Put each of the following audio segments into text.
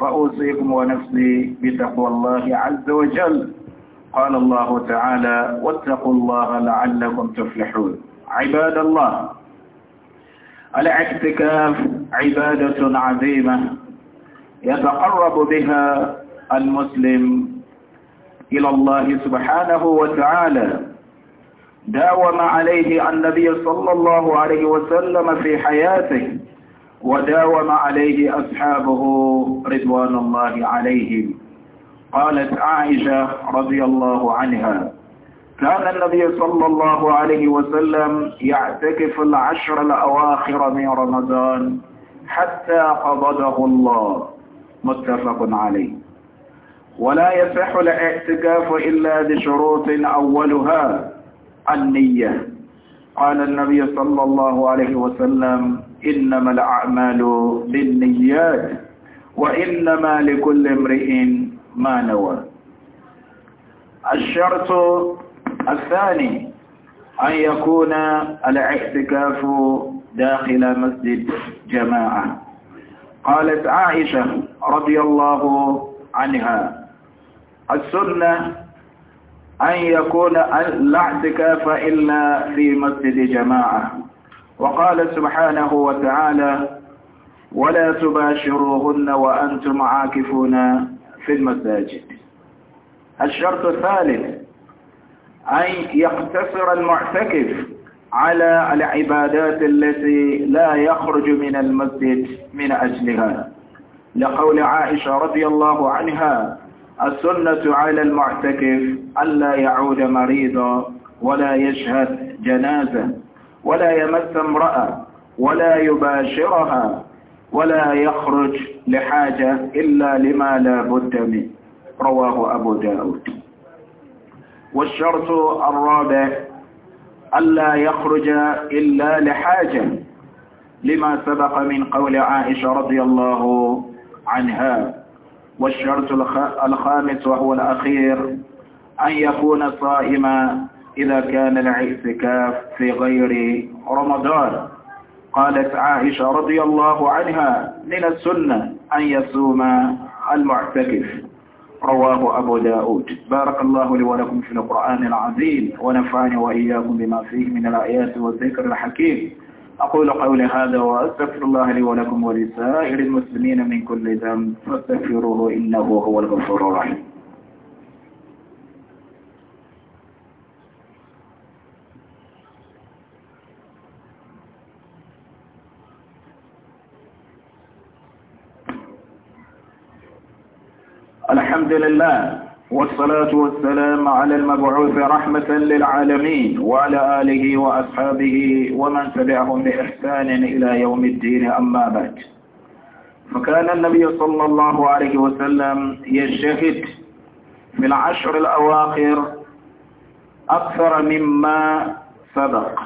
فأوصيكم ونفسي بتقوى الله عز وجل قال الله تعالى واتقوا الله لعلكم تفلحون عباد الله الاعتكاف عبادة عظيمة يتقرب بها المسلم إلى الله سبحانه وتعالى داوم عليه النبي صلى الله عليه وسلم في حياته وداوم عليه أصحابه رضوان الله عليهم قالت عائشة رضي الله عنها كان النبي صلى الله عليه وسلم يعتكف العشر الأواخر من رمضان حتى قبضه الله متفق عليه ولا يصح الاعتكاف إلا بشروط أولها النية قال النبي صلى الله عليه وسلم إنما الأعمال بالنيات وإنما لكل امرئ ما نوى الشرط الثاني أن يكون الاعتكاف داخل مسجد جماعة قالت عائشة رضي الله عنها السنة أن يكون الاعتكاف إلا في مسجد جماعة وقال سبحانه وتعالى ولا تباشروهن وأنتم عاكفون في المساجد الشرط الثالث أن يقتصر المعتكف على العبادات التي لا يخرج من المسجد من أجلها لقول عائشة رضي الله عنها السنة على المعتكف ألا يعود مريضا ولا يشهد جنازة ولا يمس امرأة ولا يباشرها ولا يخرج لحاجة إلا لما لا بد منه رواه أبو داود والشرط الرابع ألا يخرج إلا لحاجة لما سبق من قول عائشة رضي الله عنها والشرط الخامس وهو الأخير أن يكون صائما إذا كان الاعتكاف في غير رمضان قالت عائشة رضي الله عنها من السنة أن يصوم المعتكف رواه أبو داود بارك الله لي ولكم في القرآن العظيم ونفعني وإياكم بما فيه من الآيات والذكر الحكيم أقول قولي هذا وأستغفر الله لي ولكم ولسائر المسلمين من كل ذنب فاستغفروه إنه هو الغفور الرحيم الحمد لله والصلاة والسلام على المبعوث رحمة للعالمين وعلى آله وأصحابه ومن تبعهم بإحسان إلى يوم الدين أما بعد فكان النبي صلى الله عليه وسلم يجتهد في العشر الأواخر أكثر مما سبق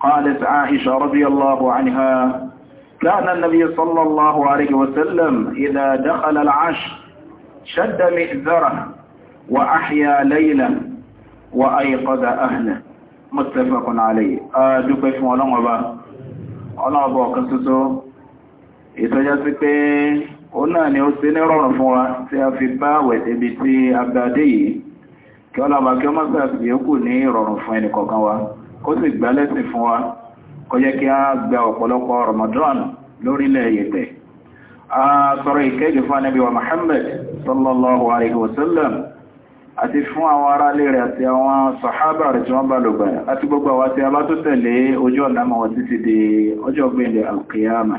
قالت عائشة رضي الله عنها كان النبي صلى الله عليه وسلم إذا دخل العشر شد مئذره وأحيا ليلا وأيقظ أهله متفق عليه أدوك اسم الله أبا الله أبا كسسو ìtọ́já sí pé ó náà ni ó sí ní rọrùn fún wa tí a fi bá wẹ̀tẹ̀ bí tí a bá dé yìí kí ọlọ́bà kí ó má sàfì yókù ní rọrùn fún ẹni kọ̀ọ̀kan wa kó sì gbá lẹ́sìn fún wa kó jẹ́ kí a gba ọ̀pọ̀lọpọ̀ Ramadan lórílẹ̀ yẹ̀tẹ̀ àtọrọ ìkẹ́gẹ̀ fún anábíwa Muhammad sallallahu alaihi wasallam àti fún àwọn ará lè rẹ̀ àti àwọn sàhábà rẹ̀ tí wọ́n bá lògbà àti gbogbo àwọn tí a bá tó tẹ̀lé ojú ọ̀nà títí di ọjọ́ gbẹ̀lẹ̀ alkiyama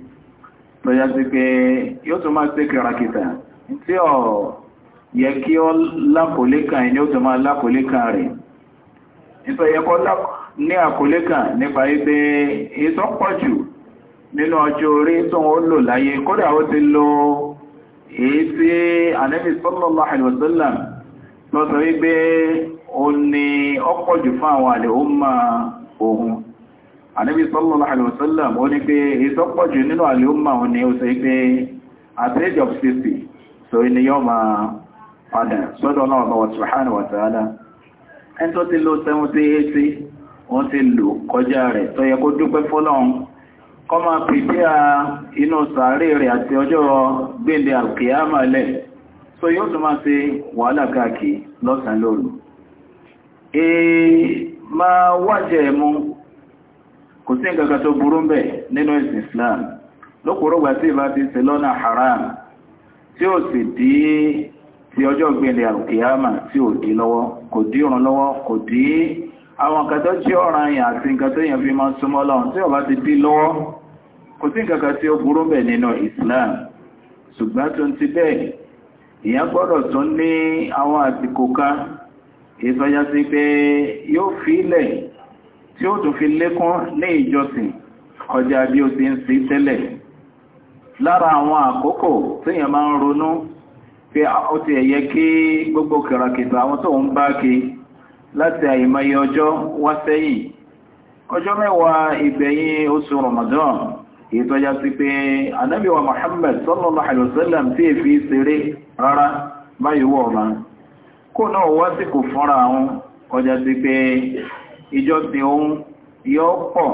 tọ́já sí pé yóò tún máa ṣe kìràkìtà tí ọ̀ yẹ kí ọ lákòólé kan ẹni ó tún máa lákòólé kan rẹ̀ nítorí ẹkọ́ ní àkòólé kan nípa wípé ètò pọ̀ jù nínú ọjọ́ orí tó ń lò láyé kódà ó ti lo èyí tí Ànábì ànábì sallallahu alaihi wasallam ó ní pé ìsọ́pọ̀jù nínú àlèúmà wọn ni ó sọ pé at age of 60 so ènìyàn máa padà sọ́dọ̀ náà lọ́wọ́ subhanahu wa ta'ala ẹni tó ti lo 70 wọ́n ti lò kọjá rẹ̀ tó yẹ kó dúpẹ́ fọ́lọ́run kọ́ máa pèsè inú sàárè rẹ̀ àti ọjọ́ gbéǹde àkìyàmà lẹ̀ so yóò tún máa ṣe wàhálà káàkiri lọ́sàn-án lóru. èè máa wájẹ̀ mú kò sí nǹkan tó burú ń bẹ̀ nínú Islam lókùrọ̀gbà tí ìbá ti ṣe lọ́nà haram tí ó sì dí ti ọjọ́ gbẹ̀lẹ̀ àkìyàmà tí ó dí lọ́wọ́ kò dí ọ̀run lọ́wọ́ kò dí àwọn nǹkan tó ọ̀ràn yà àti nǹkan yàn fi súnmọ́ tí ó bá ti dí lọ́wọ́ tí ó tún fi lékún ní ìjọsìn kọjá bí ó ti ń sí tẹ́lẹ̀ lára àwọn àkókò tíyàn máa ń ronú pé ó ti ẹ̀yẹ kí gbogbo kìràkìtà àwọn tó ń bá kí láti àìmọye ọjọ́ wá sẹ́yìn ọjọ́ mẹ́wàá ìgbẹ̀yìn oṣù Ramadan ìtọ́já sí pé Muhammad sallallahu alaihi wasallam tí èfi ṣeré rárá báyìí wọ̀ ọ̀rán kó náà wá sí kò fúnra àwọn ọjà sí pé ìjọsìn ohun yóò pọ̀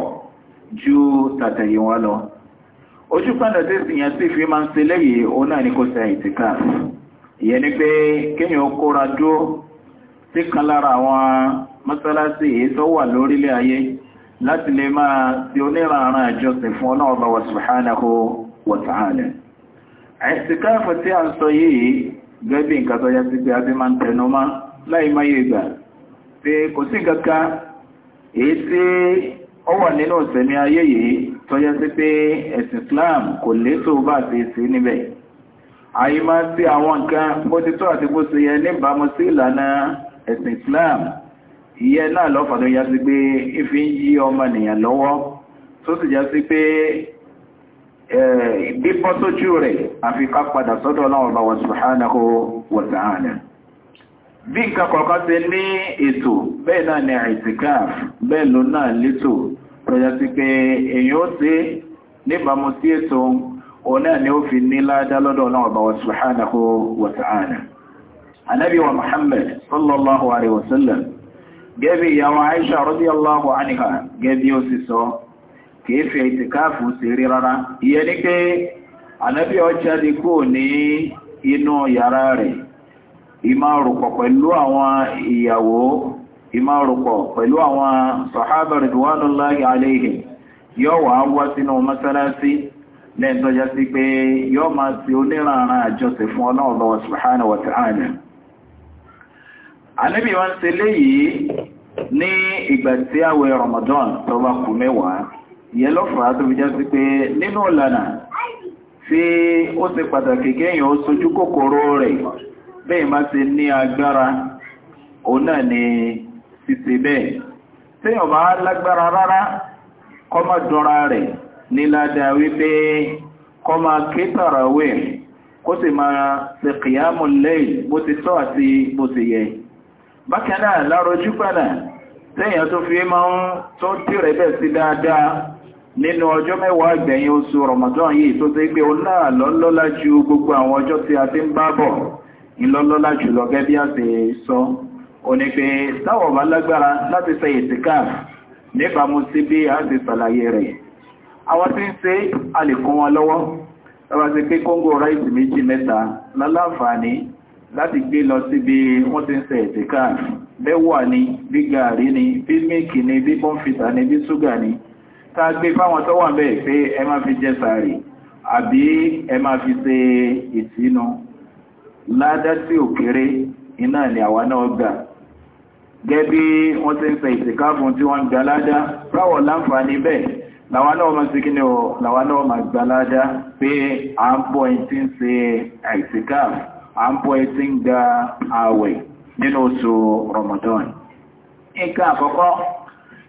ju tàtẹ̀yìn wá lọ ojú pàdà tí ìyàn sì fi máa ń ṣe lẹ́yìn òun náà ní kò sẹ ìtìká ìyẹn ni pé kéèyàn ó kóra dúró sí kan lára àwọn mọ́sálásí èyí tó wà lórílẹ̀ ayé láti lè máa ti oníranran ìjọsìn fún ọlọ́ọ̀bà wa subhanahu wa ta'ala ìtìkáàfù tí a ń sọ yìí gẹ́gẹ́ nǹkan tó yá sí pé a ti máa ń tẹnu mọ́ láì máa yé gbà pé kò sí kankan èyí tí ó wà nínú ìsẹ̀mí ayé yìí tó yẹ sí pé ẹ̀sìn Islam kò létò bá ti sí níbẹ̀ ayé máa sí àwọn nǹkan bó ti tó àti bó ti yẹ níbàámu sí ìlànà ẹ̀sìn Islam ìyẹ náà lọ́fàá yá sí pé ìfi ń yí ọmọnìyàn lọ́wọ́ tó sì sí pé bíbọ́ rẹ̀ padà sọ́dọ̀ Ọlọ́run wa bí nǹkan kọ̀ọ̀kan ṣe ní ètò bẹ́ẹ̀ náà ni àìsìkáàf bẹ́ẹ̀ ló náà létò tọ́já sí pé èyàn ó ṣe níbàmú sí ètò òun náà ni ó fi ní ládá lọ́dọ̀ ọlọ́run ọba subhanahu muhammad sallallahu alaihi wa sallam gẹ́bí ìyàwó aisha radiyallahu anha gẹ́bí ó sì sọ kìí fi àìsìkáàfù sí rí rárá inú yàrá rẹ̀ ìmárùpọ̀ pẹ̀lú àwọn ìyàwó ìmárùpọ̀ pẹ̀lú àwọn sàhábà ridwanullahi yóò wà wá sínú mọ́sálásí lẹ́ntọ́já sí pé yóò máa sí oníranran àjọsẹ̀ fún Ọlọ́run subhanahu ó pàtàkì ó sojú kòkòrò rẹ̀ bẹ́ẹ̀ má ṣe ní agbára òun náà ni ṣíṣe bẹ́ẹ̀ téèyàn bá lágbára rárá kó má dọ́ra rẹ̀ ní ládàá wípé kó má ké tàràwẹ̀ kó sì máa ṣe kìyàmù lẹ́yìn bó ti tọ́ àti bó ti yẹ bákan náà lárojú padà téèyàn tó fi máa ń tó tìrẹ̀ bẹ̀ sí dáadáa nínú ọjọ́ mẹ́wàá ìgbẹ̀yìn oṣù Ramadan yìí tó ti gbé òun ju gbogbo àwọn ọjọ́ tí a ti ń bá bọ̀ ìlọ́lọ́lá jùlọ gẹ́ bí a ti sọ o ní pé táwọn bá lágbára láti ṣe ìtìkáàf níbàmú sí bí a ti sàlàyé rẹ̀ àwọn tí ń ṣe alìkún wọn lọ́wọ́ ẹwà sí pé kóngò ráìsì méjì mẹ́ta láláǹfààní láti gbé lọ síbi wọ́n ti ń ṣe ìtìkáàf bẹ́wà ni bí gààrí ni bí mílìkì ni bí bọ́ǹfìtà ni bí ṣúgà ni tá gbé fáwọn tó wà bẹ́ẹ̀ pé ẹ má fi jẹ sàárì àbí ẹ má fi ṣe ìtìnú ládásí òkèrè iná ni àwa náà gbà gẹ́bí wọ́n ti ń sẹ ìsìnkáfún tí wọ́n gbà ládá ráwọ̀ láǹfààní bẹ́ẹ̀ làwa náà ma sí kíni ọ̀ làwa náà ma gbà ládá pé à ń bọ́ ẹ̀ ń ṣe àìsìnkáf à ń bọ́ ẹ̀ ń gba Ramadan nǹkan àkọ́kọ́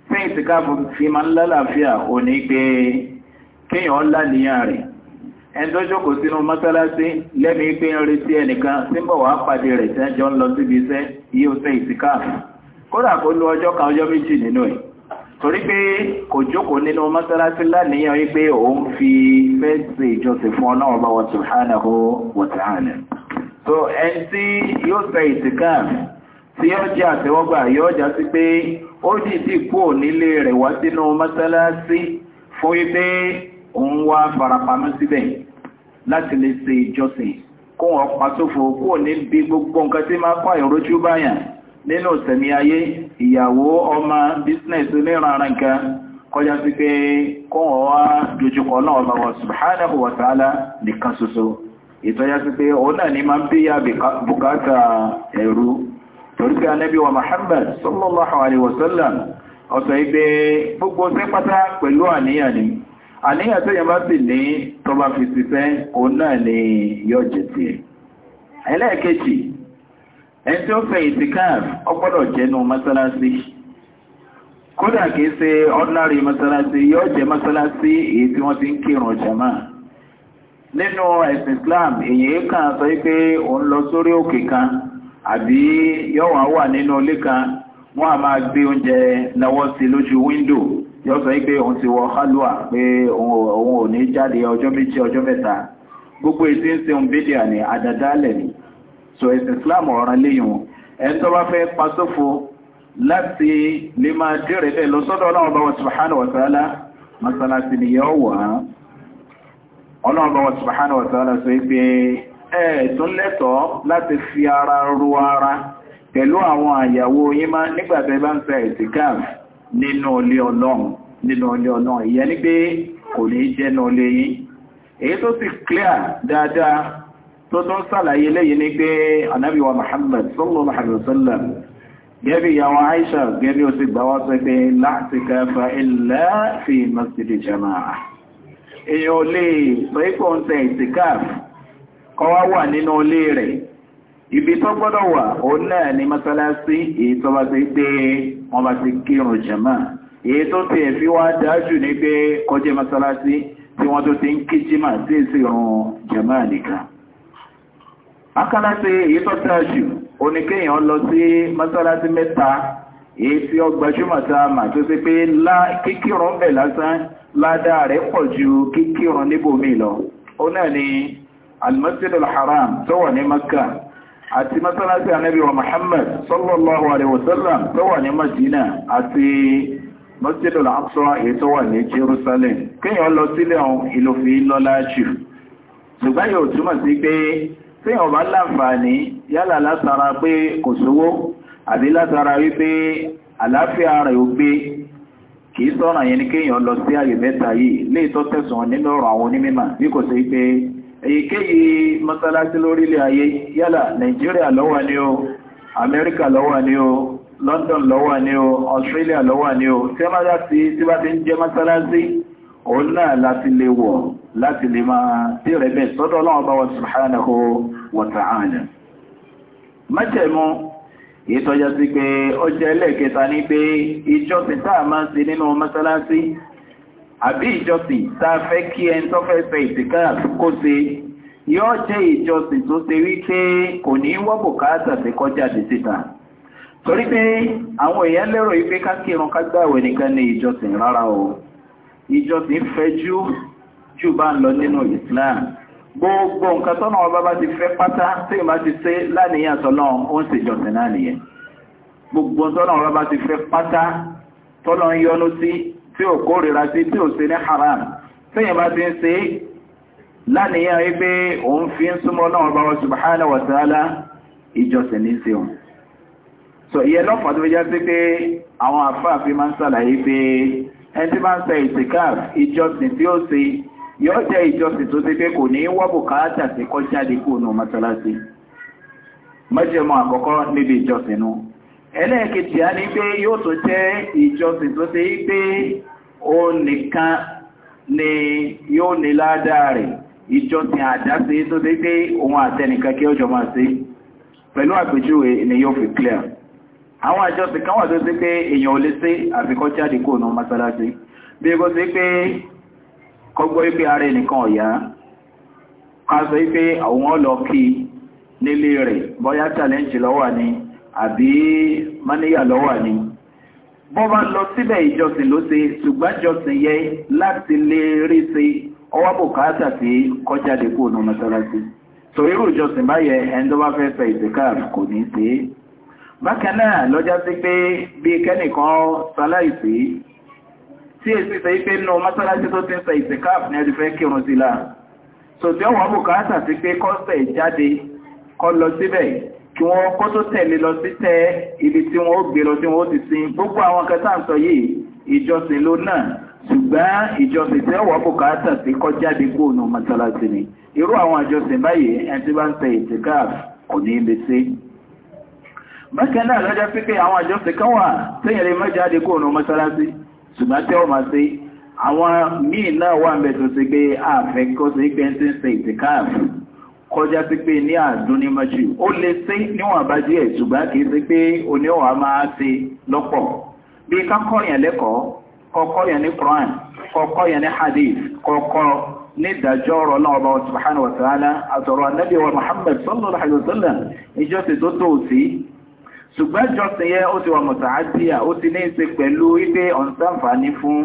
tí ìsìnkáfún fi máa ń lálàáfíà òní pé kéèyàn ẹni tó jókòó sínú mọ́sálásí lẹ́nu pé ń retí ẹnìkan tí ń bọ̀ wá pàdé rẹ̀ tí wọ́n jọ ń lọ síbi iṣẹ́ yí ó ṣe ìsìká kódà kó lu ọjọ́ kan ọjọ́ méjì nínú ẹ̀ torí pé kò jókòó nínú mọ́sálásí láníyàn yí pé òun fi fẹ́ ṣe ìjọsìn fún ọlọ́run bá wa subhanahu wa ta'ala so ẹni tí yóò ṣe ìsìká tí yóò jẹ́ àtẹ́wọ́gbà yóò já sí pé ó dìdí kúò nílé rẹ̀ wá sínú mọ́sálásí fún wípé òun wá farapamọ́ síbẹ̀ láti lè ṣe ìjọsìn kó wọn pàtófò kúrò níbi gbogbo nǹkan tí máa kọ́ ìrójú báyàn nínú ìsẹ̀mí ayé ìyàwó ọmọ bísínẹ̀sì oníranra nǹkan kọjá sí pé kó wọn wá dojúkọ náà ọba wọn subhanahu nìkan ṣoṣo ìtọ́já sí pé òun náà ni máa ń bí ya bùkátà ẹ̀rú torí pé wa Muhammad sallallahu alaihi wasallam ọ̀sọ̀ ìgbé gbogbo sí pátá pẹ̀lú àníyàn ni àníyàn tó yẹ bá sì ní tọba fi ti fẹ́ òun náà ni yọ jẹ ti ẹ̀ ẹlẹ́ẹ̀kejì ẹni tí ó fẹ́ ìtìkáàf ó gbọ́dọ̀ mọ́sálásí kódà ṣe mọ́sálásí mọ́sálásí èyí tí wọ́n ti ń kírun jama nínú ẹ̀sìn Islam èyí kan sọ pé òun lọ sórí òkè kan àbí yọ̀wọ̀ wà nínú ilé kan wọ́n á máa gbé oúnjẹ lọ́wọ́ sí yóò sọ pé òun ti wọ halwa pé òun ò ní jáde ọjọ́ méjì ọjọ́ mẹ́ta gbogbo ètí ń seun bídíà ní àdàdálẹ̀ ni so ẹ̀sìn islam ọ̀ràn léyìn ẹni tó bá fẹ́ pasófo láti lè máa dèrè bẹ́ẹ̀ lọ sọ́dọ̀ ọlọ́run bá wọn subhanahu wa ta'ala masalasi ni yóò wà á ọlọ́run bá wọn subhanahu wa ta'ala sọ pé ẹ tún lẹ́tọ̀ọ́ láti fi ara ru ara pẹ̀lú àwọn àyàwó yín máa nígbàtẹ́ bá ń ṣe nínú ilé ọlọ́run nínú ilé ọlọ́run ìyẹn ní pé kò ní jẹ́ nínú ilé yín èyí tó sì clear dáadáa tó tó sàlàyé lẹ́yìn ní pé Ànábì wa Muhammad sallallahu alaihi wasallam gẹ́bí ìyàwó Aisha gẹ́bí ó sì gbáwá sọ pé fi masjid jama'a èyàn lè sọ ipò ń tẹ ìtìkáf kọwa wà nínú ilé rẹ̀ ibi tó gbọ́dọ̀ wà òun náà ni masalasi èyí tó bá ti gbé wọ́n bá ti kírun jàmá èyí tó ti ẹ̀fí wá dájú ní pé kọjẹ́ masalasi tí wọ́n tó ti ń kí jímà sí ìsìrun jàmá nìkan akálásí èyí tó dájú oníkéèyàn lọ sí masalasi mẹ́ta èyí tí ó gbajúmọ̀ tá a mà tó sí pé kíkírun bẹ̀ lásán ládàá rẹ̀ pọ̀ ju kíkírun níbòmí lọ ó náà ni almasjid alharam tó wà ní makka àti mọ́sálásí ànábì wa Muhammad sallallahu alaihi wasallam tó wà ní Madina àti Masjid al-Aqsa èyí tó wà ní Jerusalem kíyàn lọ sílẹ̀ ohun ìlòfin lọ́lá jù ṣùgbọ́n yóò túmọ̀ sí pé tíyàn bá láǹfààní yálà látara pé kò sówó àbí látara wípé àlàáfíà rẹ̀ ò gbé kìí sọ́ràn yẹn ni kíyàn lọ sí àyè mẹ́ta yìí léètọ́ tẹ̀sán nínú ọ̀rọ̀ àwọn onímọ̀ bí kò sí pé èyíkéyìí mọ́sálásí lórílẹ̀ ayé yálà nàìjíríà ló wà ní o amẹ́ríkà ló wà ní o london ló wà ní o australia ló wà ní o tí wọ́n bá ti tí bá ti ń jẹ́ mọ́sálásí òun náà láti lè wọ̀ láti lè máa tí rẹ̀ bẹ́ẹ̀ sọ́dọ̀ ọlọ́run bá wa subhanahu àbí ìjọsìn tá a fẹ́ kí ẹni tó fẹ́ fẹ́ ìsìnká kó ṣe yóò jẹ́ ìjọsìn tó ṣe wípé kò ní wọ́ bùkátà sí kọjá dé síta torí pé àwọn èèyàn lérò wípé ká kírun ká gbààwẹ̀ nìkan ní ìjọsìn rárá o ìjọsìn fẹ̀jú jù bá ń lọ nínú Islam gbogbo nǹkan tọ́nà ọba bá ti fẹ́ pátá tí ìbá ti ṣe láníyàn tọ́nà ó ń ṣèjọsìn náà nìyẹn gbogbo tọ́nà ọba bá ti fẹ́ pátá tọ́nà ń sí tí ò kórìíra sí tí ò sí ní haram tíyẹ̀ bá ti ń ṣe lánìyàn wípé òun fi ń súnmọ́ náà bá wọn subhanahu wa ta'ala ní sí òun so ìyẹn lọ́pàá tó jẹ́ sí pé àwọn àfáàfin máa ń sàlàyé pé ẹni tí máa ń ṣe ìtìkáf ìjọsìn tí ó ṣe yóò jẹ́ ìjọsìn tó ti pé kò ní wọ́ bùkátà sí kọjá dípò nù mọ́ṣáláṣí májẹ̀mú àkọ́kọ́ níbi ìjọsìn nù ẹlẹ́ẹ̀kejì á ní pé yóò tó jẹ́ ìjọsìn tó ṣe pé ó nìkan ni yóò ní ládàá rẹ̀ ìjọsìn àdáṣe tó ṣe pé òun àtẹnìkan kí ó máa ṣe pẹ̀lú àpèjúwe ni yóò fi clear àwọn àjọsìn kan wà tó ṣe pé èèyàn ò lè ṣe àfikọ́ jáde kó nù mọ́sálásí bí kó ṣe pé kọgbọ́ ipé ara ẹnìkan ọ̀yá ká sọ ipé àwọn ọlọ́kí nílé rẹ̀ bọ́yá challenge lọ́wọ́ ni àbí máníyà lọ́wà ni bọ́ bá lọ síbẹ̀ ìjọsìn ló ṣe ṣùgbọ́n jọsìn yẹ láti lè rí ṣe ọwọ́ bùkátà sí kọjáde kó nù mọ́sálásí tò irú ìjọsìn báyẹ ẹni tó bá fẹ́ fẹ́ ìsìnká kò ní ṣe bákan náà lọ́jà sí pé bí kẹ́nìkan ṣaláìsí tí èsì ṣe pé nù mọ́sálásí tó ti ń fẹ́ ìsìnká ní ẹni fẹ́ kírun sí la tò tí ọwọ́ bùkátà sí pé kọ́sẹ̀ jáde kọ́ lọ síbẹ̀ kí wọ́n kó tó tẹ̀lé lọ sí tẹ ibi tí wọ́n ó gbé lọ tí wọ́n ó ti sin gbogbo àwọn kẹta ń sọ yìí ìjọsìn ló náà ṣùgbọ́n ìjọsìn tẹ́ wọ́n bùkátà sí kọjáde gbóònù mọ́sálásí ni irú àwọn ìjọsìn báyìí ẹni tí bá ń tẹ ìtìkáàf kò ní ibi sí. bákan náà lọ́jọ́ pípẹ́ àwọn ìjọsìn kan wà téèyàn lè mọ́jáde gbóònù mọ́sálásí ṣùgbọ́n tẹ́ wọ́n máa ṣe àwọn míì náà wà ń pé àfẹ́kọ́sí pé ṣe ìtìkáàf kọjá sí pé ní àdún ní mọ́jú ó lè sí níwọ̀n bá díẹ̀ ṣùgbọ́n kìí sí pé oníwà máa ṣe lọ́pọ̀ bí kákọ́yàn lẹ́kọ̀ọ́ kọ́kọ́yàn ní Quran kọ́kọ́yàn ní hadith kọ́kọ́ ní ìdájọ́ ọ̀rọ̀ náà ọba subhanahu wa ta'ala àtọ̀rọ̀ wa Muhammad sallallahu alaihi wa sallam ìjọsìn tó tó sí ṣùgbọ́n ìjọsìn yẹn ó ti wà mọ̀tàádìyà ó ti ní í ṣe pẹ̀lú wípé ọ̀nsáǹfààní fún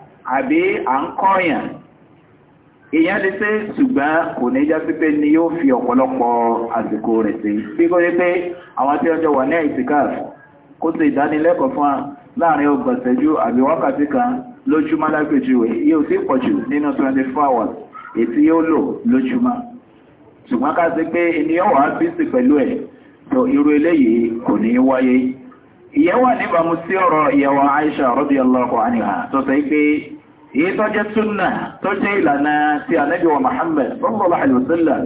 àbí à ń kọ́yàn èèyàn lè ṣe ṣùgbọ́n kò ní já sí pé ni yóò fi ọ̀pọ̀lọpọ̀ àsìkò rẹ̀ sí bí kò ní pé àwọn tí ọjọ́ wà ní àìsíkàf kó ṣe ìdánilẹ́kọ̀ọ́ fún wa láàrin ọgbọ̀nsẹ̀jú àbí wákàtí kan lójúmọ́ lágbèjúwe yóò sì pọ̀jù nínú 24 hours ètí yóò lò lójúmọ́ ṣùgbọ́n ká sí pé ènìyàn wà á bísí pẹ̀lú ẹ̀ tó irú eléyìí kò ní wáyé ìyẹn wà níbàámu sí ọ̀rọ̀ ìyàwó Aisha radiyallahu anha tó sọ pé èyí tó jẹ́ súnnà tó jẹ́ ìlànà ti ànábì mohamed Muhammad sallallahu alaihi wasallam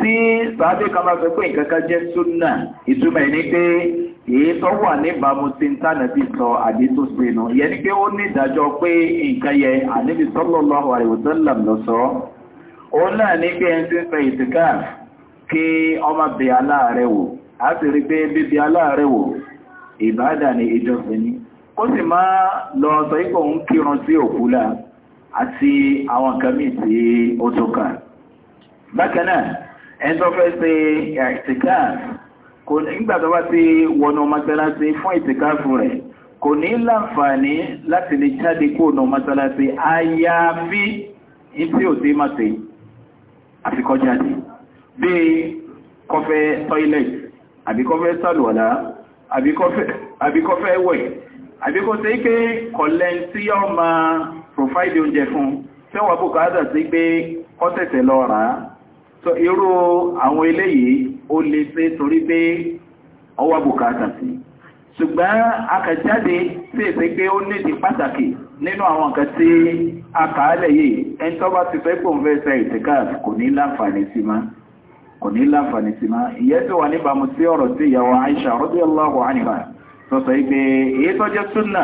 tí sàábé kan bá fẹ́ pé ìkankan jẹ́ súnnà ìtumọ̀ ní pé èyí tó wà sọ àbí tó sinú ni pé ó ní ìdájọ́ pé nǹkan yẹ ànábì sallallahu kó sì máa lọ sọ ipò ń kírun sí òkú là àti àwọn nǹkan míì tí ó tó kà bákan náà ẹni tó fẹ́ ṣe ìtìkáàfù kò nígbà tó bá ti wọnú mọ́sálásí fún ìtìkáàfù rẹ̀ kò ní láǹfààní láti lè jáde kó nù mọ́sálásí àyàfi tí ò sí máa ṣe àfikọ́ jáde kọfẹ́ toilet àbíkọ́fẹ́ sàlùwàlá àbíkọ́fẹ́ wẹ̀ àbí kó sí pé kọ̀lẹ̀ tí yọ́ ma provide oúnjẹ fún tí wọ́n bùkátà sí pé kọ́tẹ̀tẹ̀ lọ rà á so irú àwọn eléyìí ó lè ṣe torí pé ọwọ́ bùkátà sí ṣùgbọ́n akàjáde sí èsì pé ó nídi pàtàkì nínú àwọn nǹkan tí a kàálẹ̀ yìí ẹni tó bá ti fẹ́ pò ń fẹ́ kò ní láǹfààní ní sí máa ìyẹn tí wà níbàámu sí ọ̀rọ̀ tí ìyàwó Aisha radiyallahu anha sọ̀tọ̀ ìgbé èyí tó jẹ́ súnà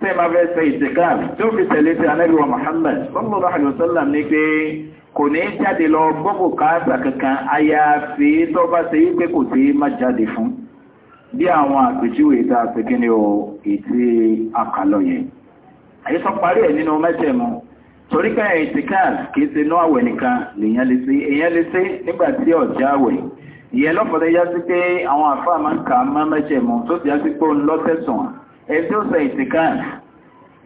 tí ma fẹ́ sẹ ìtẹ̀káàlì tí ó fi tẹ̀lé sí anẹ́bíwa Muhammad sallallahu alaihi wasallam ní pé kò ní jáde lọ gbọ́kù káàsà kankan àyàfi tó bá ṣe wípé kò sí má jáde fún bí àwọn àpèjúwe tá a pè kíni o ètí àkàlọ̀ yẹn àyè sọ parí ẹ̀ nínú mẹ́tẹ̀mú torí pé ìtẹ̀káàlì kì í ṣe náà àwẹ̀ nìkan lèèyàn lè ṣe èèyàn lè ṣe nígbà tí ọ̀já àwẹ̀ ìyẹn lọ́pọ̀lọpọ̀ yá sí pé àwọn àfáà máa ń kà á má mẹ́jẹ̀ mọ́ tó ti yá sí pé òun lọ́tẹ̀sán ẹni tí ó sọ ìtìkáàf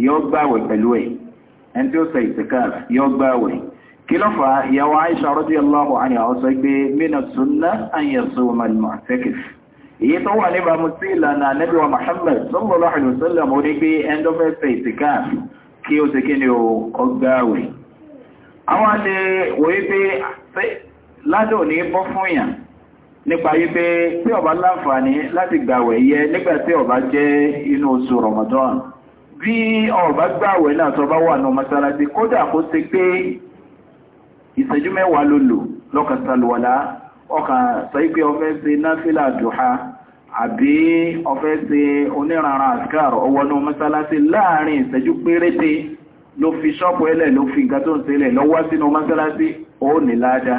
yóò gbààwẹ̀ pẹ̀lú ẹ̀ ẹni tí ó sọ ìtìkáàf yóò gbààwẹ̀ kí ló fà á ìyàwó Aisha radiyallahu anha sọ pé mina sunnah an yasuma ní bọ́ fún yàn nípa wípé tí ọba láǹfààní láti gbàwẹ̀ yẹ nígbà tí ọba jẹ́ inú oṣù Ramadan bí ọba gbàwẹ̀ náà tó bá wà ní mọ́sálásí kódà kó ṣe pé ìṣẹ́jú mẹ́wàá ló lò lọ́kàn sàlùwàlá ọkàn sọ pé ọfẹ́ ṣe náfìlà dùhà àbí ọfẹ́ ṣe oníranran àṣkàr ọwọ́nú mọ́sálásí láàrin ìṣẹ́jú péréte ló fi ṣọ́pù ẹlẹ̀ ló fi nǹkan tó ń ṣẹlẹ̀ lọ́wọ́ sínú mọ́sálásí ó ní ládàá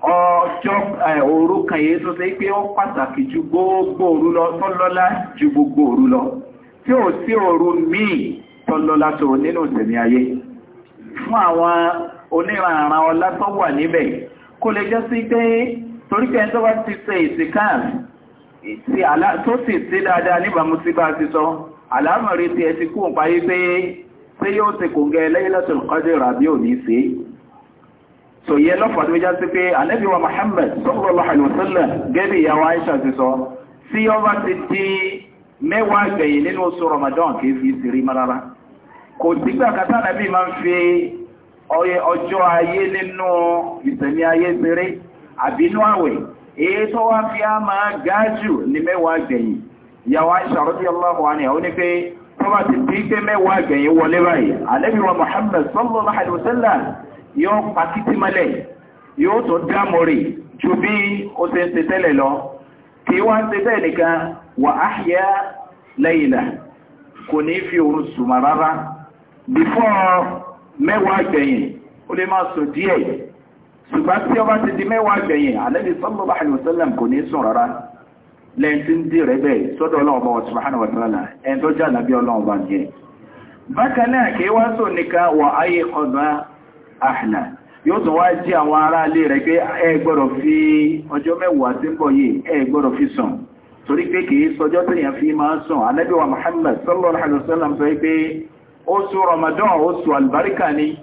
ọjọ́ òru kan yìí tó sẹ́ pé ó pàtàkì ju gbogbo òru lọ tó lọ́lá ju gbogbo òru lọ tí ò sí òru míì tó lọ́lá tó nínú ìsẹ̀mí ayé fún àwọn oníranran ọlá tó wà níbẹ̀ kó lè jẹ́ sí pé torí pé ẹni tó bá ti ṣe ìsìnkáàsì ti àlá tó sì sí dáadáa so yẹ lọ́fà tó já sí pé ànábì wa Muhammad sallallahu alaihi wasallam gẹ́bí ìyàwó Aisha ti sọ tí ó bá ti di mẹ́wàá gbẹ̀yìn nínú oṣù Ramadan kìí fi ìsìrí marara kò sígbà kátà nàbí máa ń fi ọjọ́ ayé nínú ìsẹ̀mí ayé ṣeré àbínú àwẹ̀ èyí tó wá fi á máa gáájù ní mẹ́wàá gbẹ̀yìn ìyàwó Aisha radiyallahu anha ó ní pé tó ti di pé mẹ́wàá gbẹ̀yìn wọlé báyìí ànábì wa Muhammad sallallahu yóò pa títí mọ́lẹ̀ yóò tó dámọ̀rì ju bí ó ń lọ kí wá ń bẹ́ẹ̀ nìkan wà kò ní fi òru sùmà rárá bífọ́ mẹ́wàá gbẹ̀yìn ó lè máa sùn díẹ̀ ti di mẹ́wàá gbẹ̀yìn ànábì sallallahu alaihi kò ní sùn rárá lẹ́yìn tí ń di rẹ̀ bẹ́ẹ̀ sọ́dọ̀ àhìnà yóò tún wá jí àwọn ará rẹ̀ pé ẹ fi ọjọ́ mẹ́wàá tí ń bọ̀ yìí ẹ fi sàn torí pé kìí sọjọ́ tèèyàn fi máa sùn Muhammad sallallahu alaihi wasallam sọ Ramadan ni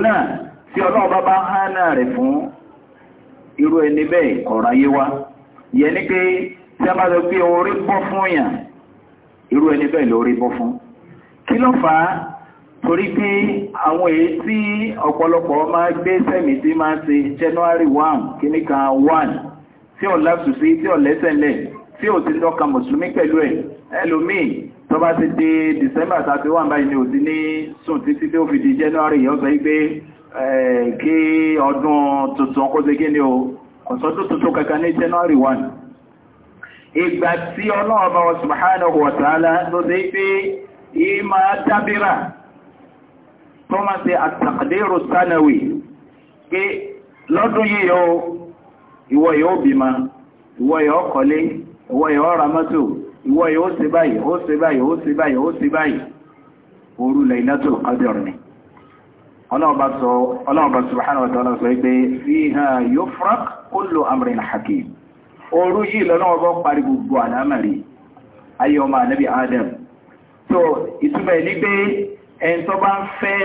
náà tí ọlọ́ọ̀bá bá hánà rẹ̀ fún irú ẹni bẹ́ẹ̀ kọ̀ọ̀rọ̀ ayé wá yẹ ní pé tí a bá lọ gbé orí bọ́ fún yàn irú ẹni bẹ́ẹ̀ lórí bọ́ fún kí ló fà á torí pé àwọn èyí tí ọ̀pọ̀lọpọ̀ máa gbé sẹ́mi tí máa ṣe January 1 kíní kan 1 tí ò lásùsí tí ò lẹ́sẹ̀lẹ̀ tí ò ti lọ́ka mùsùlùmí pẹ̀lú ẹ̀ ẹlòmíì tó bá ti di December 31 báyìí ni ò ti ní sùn títí tí ó fi di January yọ́ sọ pé Eh, kí ọdún tuntun kó ṣe kí ni o ọ̀sọ́dún tuntun kankan ní January 1 ìgbà tí ọlọ́ọ̀bá wa subhanahu wa ta'ala ló dé pé ìmá tábírà tó máa ṣe àtàkàdérò sánàwì pé lọ́dún yìí yóò ìwọ yóò bímọ ìwọ yóò kọ́lé ìwọ yóò ra mọ́tò ìwọ yóò ṣe báyìí ọlọ́ọ̀bá subhanahu wa ta'ala sọ pé fiha yufraq kullu amrin hakim òru yìí lọ́lọ́wọ́ parí gbogbo àlámàrí ayé ọmọ ànábì adam so ìtumọ̀ ní pé ẹn tó bá ń fẹ́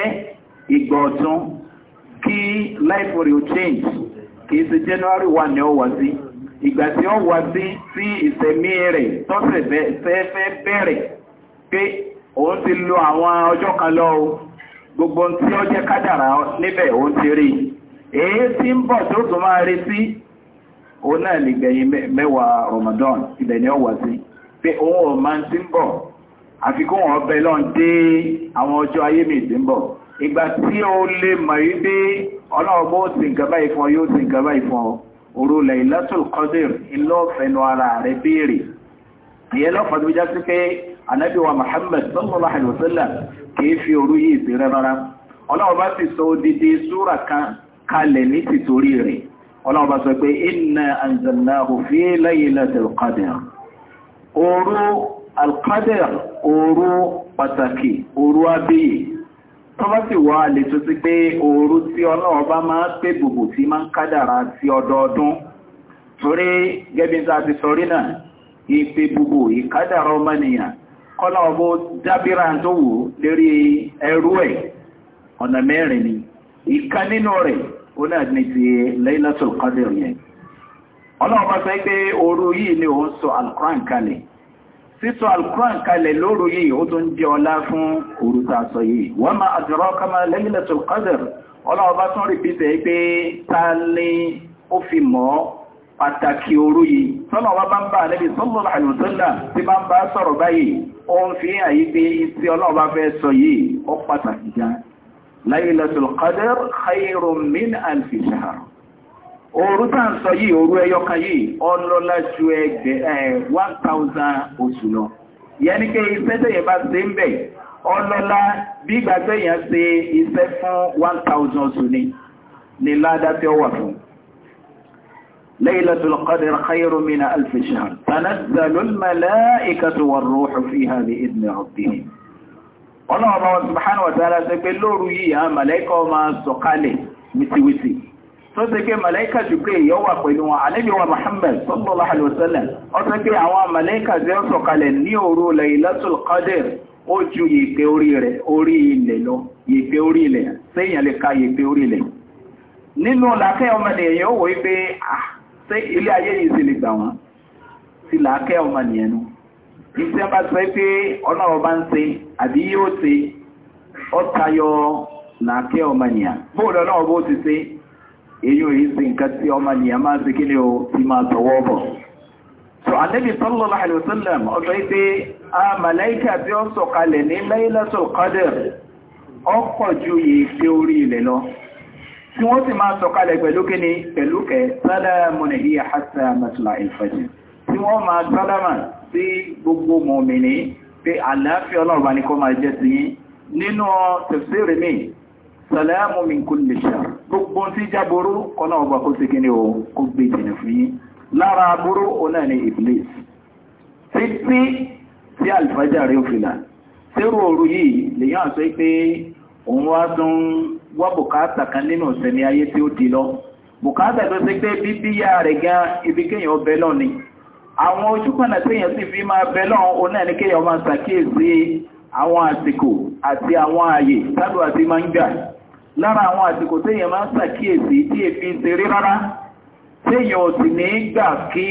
ìgbà ọ̀tún kí life will change kìí ṣe january 1 ni ó wà sí ìgbà tí ó wà sí sí ìsẹ̀mí rẹ̀ tọ́sẹ̀ bẹ̀rẹ̀ pé òun ti lo àwọn ọjọ́ kan lọ́wọ́ gbogbo tí ó jẹ́ kádàrà níbẹ̀ ó ti rí èyí tí ń bọ̀ tó tún máa rí sí o náà lè gbẹ̀yìn mẹ́wàá Ramadan ibẹ̀ ni ó wà sí pé òun ò máa ti ń bọ̀ àfi kó ọbẹ̀ lọ́n dé àwọn ọjọ́ ayé mi ti ń bọ̀ ìgbà tí ó lè mọ̀ yí ọ ànábì wa Muhammad sallallahu alaihi wasallam kìí fi òru yìí sí rárá ọlọ́run bá ti sọ odidi súra kan kalẹ̀ ní tìtorí rẹ̀ ọlọ́run bá sọ pé inna anzalnahu fi laylatil qadr òru alqadr òru pàtàkì òru abíyì tọ́bá sì wá lè tó sí pé torí gẹ́bí tá a ti sọ rí náà ìpè gbogbo ìkádàrà ọmọnìyàn kọ́lá ọgbó dábírà tó wù lérí ẹrú ẹ̀ ọ̀nà mẹ́rin ni ìka nínú rẹ̀ ó náà ti Laylatul Qadr ọlọ́ọ̀bá sọ pé yìí ni ó ń sọ al kalẹ̀ sísọ al kalẹ̀ lóru yìí ó tún jẹ́ ọlá fún òru sọ yìí ma adraka ma Laylatul ọlọ́ọ̀bá rí pípẹ́ pé ta ni ó fi mọ́ pàtàkì òru yìí sọ́nà wá bá ń bá Ànábì sallallahu alaihi wasallam tí bá ń bá sọ̀rọ̀ báyìí ó ń fi àyí pé tí ọlọ́ọ̀bá fẹ́ sọ yìí ó pàtàkì já Laylatul Qadr khayrun min alfi shahr ni ni ládá tí ó wà fún ليلة القدر خير من ألف شهر تنزل الملائكة والروح فيها بإذن ربهم ọlọ́ọ̀bá wọn subhanahu wa ta'ala ṣe pé lóòrù yìí àwọn màláíkà ma sọ̀kalẹ̀ wìtìwìtì tó ṣe pé màláíkà jùgbé yóò wà pẹ̀lú wọn Ànábì wa Muhammad sallallahu alaihi wasallam ó ṣe pé àwọn màláíkà jẹ́ sọ̀kalẹ̀ ní òru Lailatul Qadr ó ju yèpé orí ilẹ̀ lọ yèpé orí ilẹ̀ sẹ́yìn lè ka yèpé orí ilẹ̀ nínú làkẹ́ ọmọdé yóò wọ́ pé ah ṣé ilé ayé yìí sì lè gbà wọ́n sí làákẹ́ ọmọ nìyẹn nu iṣẹ́ bá sọ pé ọlọ́run bá ń ṣe àbí yóò ṣe ó tayọ làákẹ́ ọmọ nìyẹn bóòlù ọlọ́run bó ti ṣe èyí ò yìí sí nǹkan tí ọmọ nìyẹn máa ń ṣe o ti máa tọwọ́ bọ̀ so anabi sallallahu alaihi wasallam ọ̀sọ̀ pé a màláìkà tí ó sọ̀kalẹ̀ ní Laylatul Qadr ọ̀pọ̀ ju yìí pé orí ilẹ̀ lọ tí wọ́n sì máa sọ̀kalẹ̀ pẹ̀lú kí ni pẹ̀lú kẹ sálámù ní ìyà hasa matula ìfẹ́jì tí wọ́n máa sálámà sí gbogbo mọ̀mìnì pé àlàáfíà ọlọ́run ní kó máa jẹ́ sí nínú tafsiri mi sálámù min kulli shar gbogbo tí jáború kọ́nà ọba kó sì kí ni o kó wá bùkátà kan nínú ìsẹ̀mí ayé tí ó di lọ bùkátà tó ṣe pé bíbíyà rẹ̀ gan ibi kéèyàn ọbẹ̀ lọ ni àwọn ojúpọ̀nà téèyàn sì fi máa bẹ lọ́n òun náà ní kéèyàn máa ṣàkíyèsí àwọn àsìkò àti àwọn ààyè tábù àti máa ń gbà lára àwọn àsìkò téèyàn máa ń ṣàkíyèsí tí èfi ń ṣeré rárá téèyàn ò sì ní gbà kí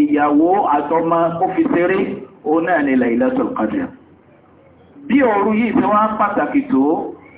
ìyàwó àtọmọ ó fi ṣeré òun náà ní Laylatul Qadr bí òru yìí ti wá pàtàkì tó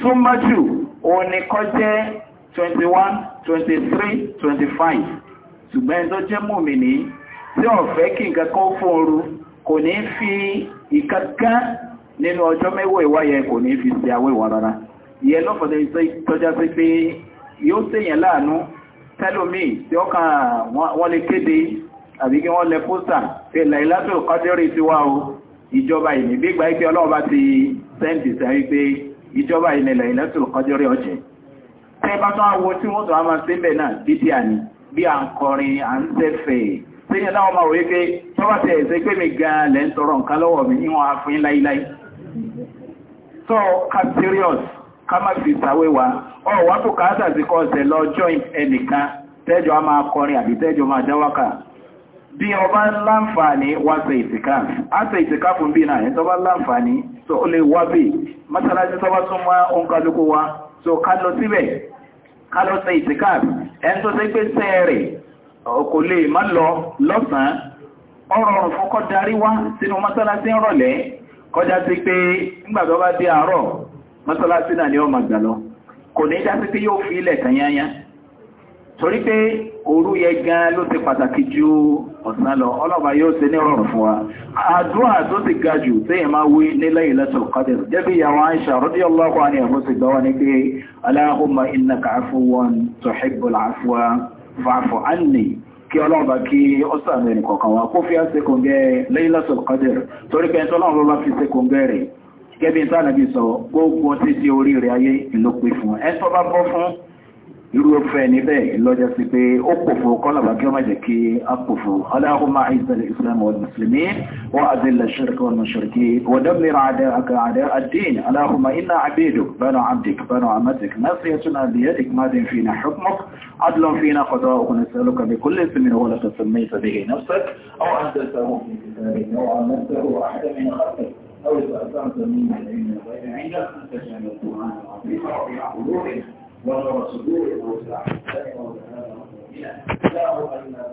súnmọ́ jù òun ni kọ́ jẹ́ 21 23 25 ṣùgbọ́n ẹni tó jẹ́ mùmìnì tí ó fẹ́ kí nǹkan kan fún oru kò ní fi ìkankan nínú ọjọ́ mẹ́wọ́ ìwáyẹ kò ní fi sí awẹ́ ìwà rárá ìyẹn lọ́fọ̀dẹ́ tọ́já sí pé yóò tèèyàn láàánú tẹ́lómi tí ó kàn wọ́n lè kéde àbí kí wọ́n lẹ pósà pé làìlátò kọ́dẹ́rì ti wá o ìjọba ìnìbígbà ìpé ọlọ́ọ̀bá ti sẹ́ǹtì sẹ́rí pé ìjọba ìnilẹ̀ ìlẹ́tùl kọjọ́rí ọjẹ́ tí bá tó àwọ tí wọ́n tó a máa sí bẹ̀ náà dídí àní bí à ń kọrin à ń tẹ́fẹ̀ tí yẹn láwọn máa wòye pé tó ń tọrọ nǹkan lọ́wọ́ mi níwọ̀n àfin láíláí ọ bí ọba láǹfààní wá ṣe ìtìkáàfù á ṣe so ó lè wá bí mọ́sálásí wa so ká lọ síbẹ̀ ká lọ sí ìtìkáà ẹni tó tẹ́ pé sẹ́ẹ̀rẹ̀ lè má lọ lọ́sàn ọ̀rọ̀rùn fún kọ́ wá sínú mọ́sálásí rọ̀lẹ́ kọjá sí pé òru yẹ gan ló ti pàtàkì ju ọ̀sán lọ ọlọ́ba yóò ṣe ní ọ̀rọ̀ fún wa àdúrà tó ti ga jù tẹ́yẹ̀ máa wí ní Laylatul Qadr jẹ́bí ìyàwó Aisha radiyallahu anha ẹ̀fọ́ sì gbọ́wọ́ ní pé Allahumma innaka afuwun tuhibbul afwa fa'fu anni kí ọlọ́ọ̀bá kí ó sàmì ẹnì kọ̀ọ̀kan wa kó fi á ṣe kòǹgẹ́ Laylatul Qadr torí pé ẹ̀ntọ́ ọlọ́run gẹ́bí ìtànàbí sọ gbogbo títí orí rẹ̀ ayé ìlópin fún ẹ̀ bọ́ fún irúfẹ́ níbẹ̀ ìlọ́jọ́ sí pé ó pòfò kọ́lọ̀bà kí ó má jẹ́ kí a pòfò aláhùnmá àìsàlẹ̀ islam wal musulmi wa azilla shirka wal mushriki wa dammir a'da'aka a'da' ad-din aláhùnmá inna abiduk bana abdik bana amatik nasiyatuna biyadik madin fina hukmuk adlun fina qada'uk nas'aluka bi kulli ismin wa la tasammayta bihi nafsak aw anzaltahu fi kitabik aw 'allamtahu ahada min khalqik أو استأثرت من العلم غير عندك أن تجعل القرآن العظيم ربيع قلوبنا وهو صدوره تعالى لا هو إلا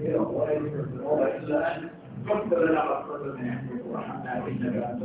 بأمره وإلا أن تقبل لنا قصتنا وحنا إنك أنت